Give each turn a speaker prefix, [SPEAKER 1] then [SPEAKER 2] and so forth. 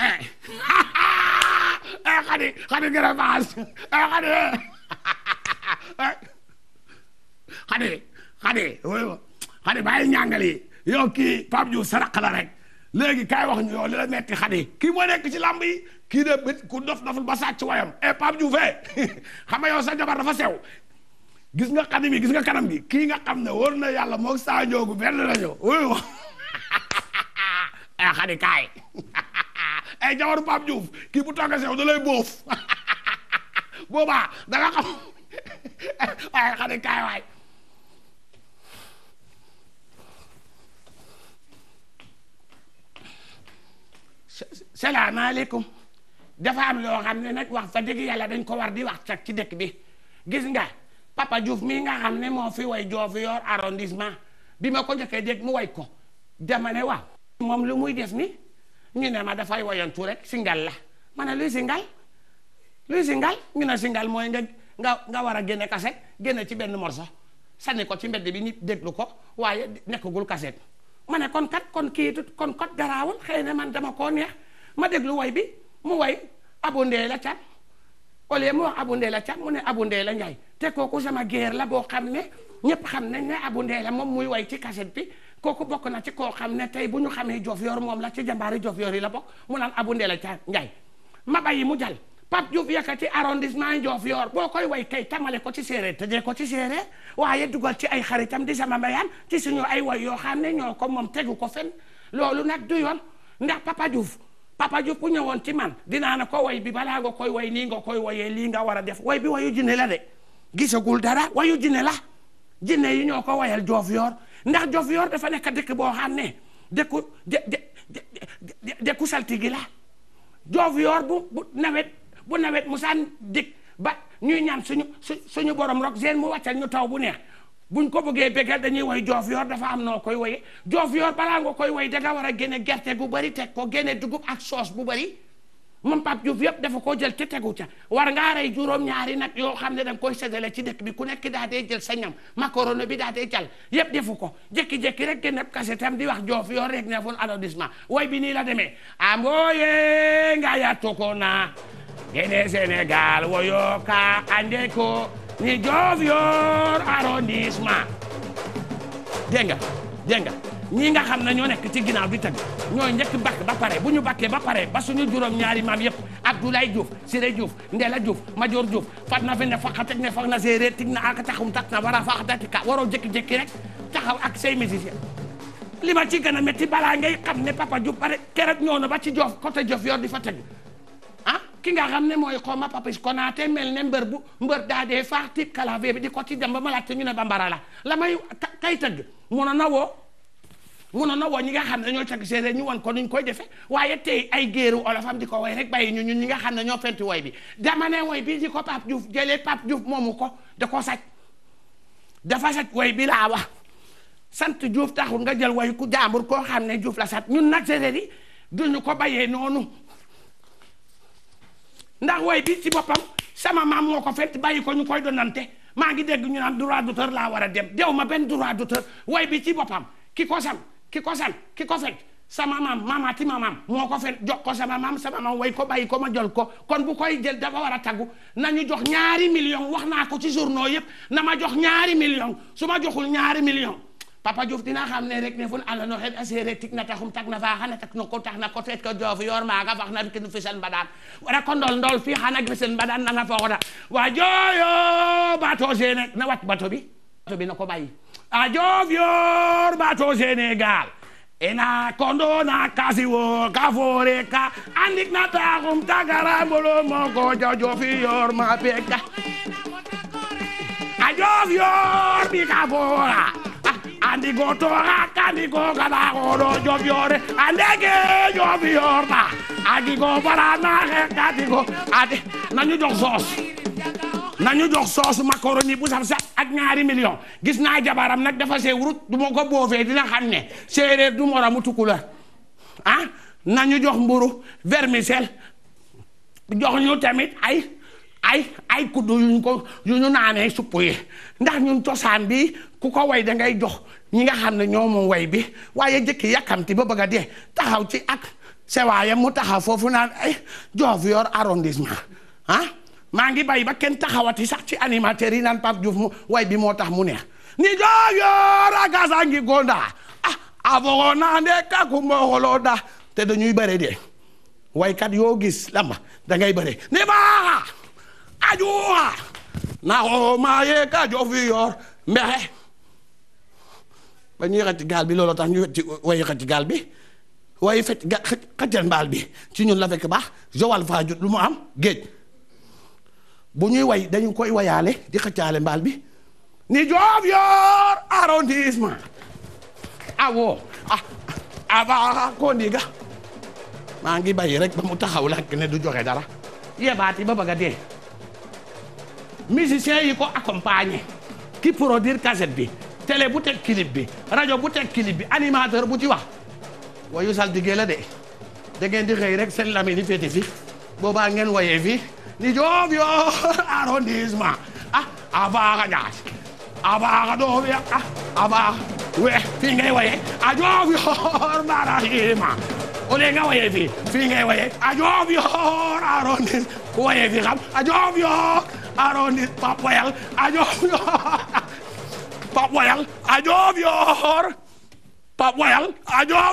[SPEAKER 1] eh eh xadi xadi gën a faas eh xadi eh. xadi xadi
[SPEAKER 2] xadi bàyyi ñàngal yi
[SPEAKER 1] kii Pape Diouf sarax la rek léegi kaay wax ñu yow la metti xadi kii moo nekk ci làmb yi kii de bët ku dof doful ba sàcc wayam eh Pape Diouf eh. xam nga yow sa jabar dafa sew gis nga xadi mi gis nga kanam gi kii nga xam ne woor na yàlla moog saa njoogu benn lañu wuyu eh xadi ay eh, jawaru Pape Diouf kii bu toogee sew da boof boobaa da nga xam waaye xane kaay waay salaamaaleykum dafa am loo xam ne nag wax fa dëgg yàlla dañ ko war di wax sax ci dëkk bi gis nga Papa Diouf mii nga xam ne moo fi way Diofior arrondissement bi ma ko njëkkee dégg mu way ko dama ne waaw moom lu muy def ni ñu ne ma dafay woyantu rek singal la ma ne luy singal luy singal ñu ne singal mooy nga nga nga war a génne kaset génne ci benn morso sànni ko ci mbedd bi nit déglu ko waaye nekkagul kaset ma ne kon kat kon kiitut kon kat garaawul xëy na man dama koo neex ma déglu way bi mu way abondé la cat au lieu mu wax Abu Ndella Thiam mu ne Abu Ndella Ndiaye te kooku sama géer la boo xam ne ñëpp xam nañ ne Abu Ndella moom muy way ci cassette bi kooku bokk na ci koo xam ne tey bu ñu xamee Diofior moom la ci jàmbaari yoor yi la bok mu naan Abu Ndella Thiam Ndiaye bay yi mu jal jàll Pape Diouf yëkkati arrondissement Diofior boo koy way tey tamale ko ci séeréer tëjee ko ci séeréer waaye dugal ci ay xaritam di sama mbayaan ci suñu ay way yoo xam ne ñoo ko moom tegu ko fen loolu nag du yoon ndax Papa papa ju ku ñëwoon ci man dinaa ne ko way bi balaa nga koy way nii nga koy wayee lii nga war a def way bi wayu jinne la de gisagul dara wayu jinne la jinne yi ñoo ko wayal joof yoor ndax joof yoor dafa nekk dëkk boo xam ne dëkku de de dëkku saltigi la joof yoor bu nawet bu nawet musaan dik ba ñuy ñaan suñu suñu borom rok seen mu wàccal ñu taw bu neex buñ ko bëggee bégal dañuy woy joof yor dafa am noo koy woye joof yor balaa ngoo koy woy danga war a génne gerte gu bari teg ko génne dugub ak soos bu bari moom Pape Diouf yëpp dafa ko jël te tegu ca war ngaa rey juróom-ñaari nag yoo xam ne da nga koy séddale ci dëkk bi ku nekk daa dee jël sa ñam macaroni bi daa dee jàll yëpp defu ko jékki-jékki rek génne kasetam di wax joof yor rek ne ful arrondissement way bi nii la demee amboye nga yattu ko na gene Sénégal woyo ka ande ko ni Diofior arrondissement dégg nga dégg nga ñii nga xam ne ñoo nekk ci ginnaaw di tëgg ñooy njëkk bakk ba pare bu ñu bakkee ba pare ba suñu juróom ñaari maam yëpp Abdoulaye Diouf Siré Diouf Ndela Diouf Major Diouf fat na fi ne faxa teg ne na séeréer tig na ak taxum tak na wara faxa dati ka waroo jëkki jékki rek taxaw ak say musicien li ma ci gën a metti balaa ngay xam ne Papa Diouf pare keroog ñëw na ba ci Diof côté Diofior di fa tëgg ki nga xam ne mooy xoma Papis Konaté mel ne mbër bu mbër daa dee faax tiit kalaave bi di ko ci dem ba ma laajte ñu ne bambara la la may kay tëgg munoon na woo munoon na woo ñi nga xam ne ñoo tëgg séeréer ñu wan ko nuñ koy defee waaye tey ay géeru di ko way rek bàyyi ñu ñun ñi nga xam ne ñoo fenti way bi dama ne way bi di ko Pape Diouf jëlee Pape Diouf moomu ko da ko saj dafa saj woy bi laa wax sant Diouf taxul nga jël way ku jaambur koo xam ne Diouf la sat ñun nag séeréer yi ñu ko bàyyee noonu ndax way bi ci boppam sama maam moo ko fent bàyyi ko ñu koy donante maa ngi degg ñu naan dura d'auteur laa war a dem dew ma benn droit d'auteur way bi ci boppam ki ko san ki ko san ki ko fent sama maam maamaati ma maam moo ko fent jox ko sama maam sama maam way ko bàyyi ko ma jël ko kon bu koy jël dafa war a taggu nañu jox ñaari million wax naa ko ci journaux yëpp na ma jox ñaari million su ma joxul ñaari million Papa Diouf xam ne rek ne fun ala no a seere na taxum tak na fa xana tak no ko na ko teet ko joof yoor maaga fax na kin fisen mbadan wara ko ndol ndol fi xana fisen mbadan nanga foxoda wa jooyo bato sene na ko bàyyi kasi wo ka foore ka andik na taxum tagara mbolo mo ko joofi yoor ma peka a joof yoor bi ka foora andi go toxa kandi go gana xoɗo job yore a ndege job yorna andi go bara naxe kandi go ade nañu jox soos nañu jox soos macaroni bu saf sax ak ñaari million gis naa jabaram nag dafa see wurut du ma ko boofee dina xam ne séeréer du moramu tukulër ah nañu jox mburu vermicelle jox ñu tamit ay ay ay kuddu yuñ ko yu ñu naanee supp yi ndax ñu cosaan bi ku ko way da ngay jox ñi nga xam ne ñoo way bi waaye jëkki yàkkamti ba baga de taxaw ci ak sewaayam mu taxaw foofu naan ay Diofior arrondissement ah maa ngi bay ba kenn taxawati sax ci animateurs yi naan Pape Diouf mu way bi moo tax mu neex ni Diofior a gasa ngi gonda ah abogo naa de kaku mboxoloo da te dañuy bëre de waykat yoo gis lamba dangay ngay bëre ni kajuwa naa kajo fi yor mbexe ba ñuy xëcc gaal bi looloo tax ñu wet ci wayi gaal bi wayi fecc xëccal mbaal bi ci ñun la fekk baax Joal Fadiouth lu mu am géej bu ñuy way dañu koy wayaale di xëccaale mbaal bi ni joof yor arrondissement awo ah ava koo ndiga maa ngi bàyyi rek ba mu taxaw lakk ne du joxe dara yebaati ba bëgg dee musiciens yi ko accompagner ki produire cassette bi télé bu teg clip rajo bu teg clip bi animateur bu ci wax wayu saltige de da ngeen di xëy rek seen boobaa ngeen woyee fi ni joob yo arrondissement ah a baaxa ñaas a baaxa doof ya ah, a baax we fii ngay woyee a joob yor barragement o le nga fii fii ngay woyee a joob yor arrondissement woyee fi xam a joob yor arrondissement Pape Boyal a Diofior Pape Boyal a Diofior Pape Boyal a Diofior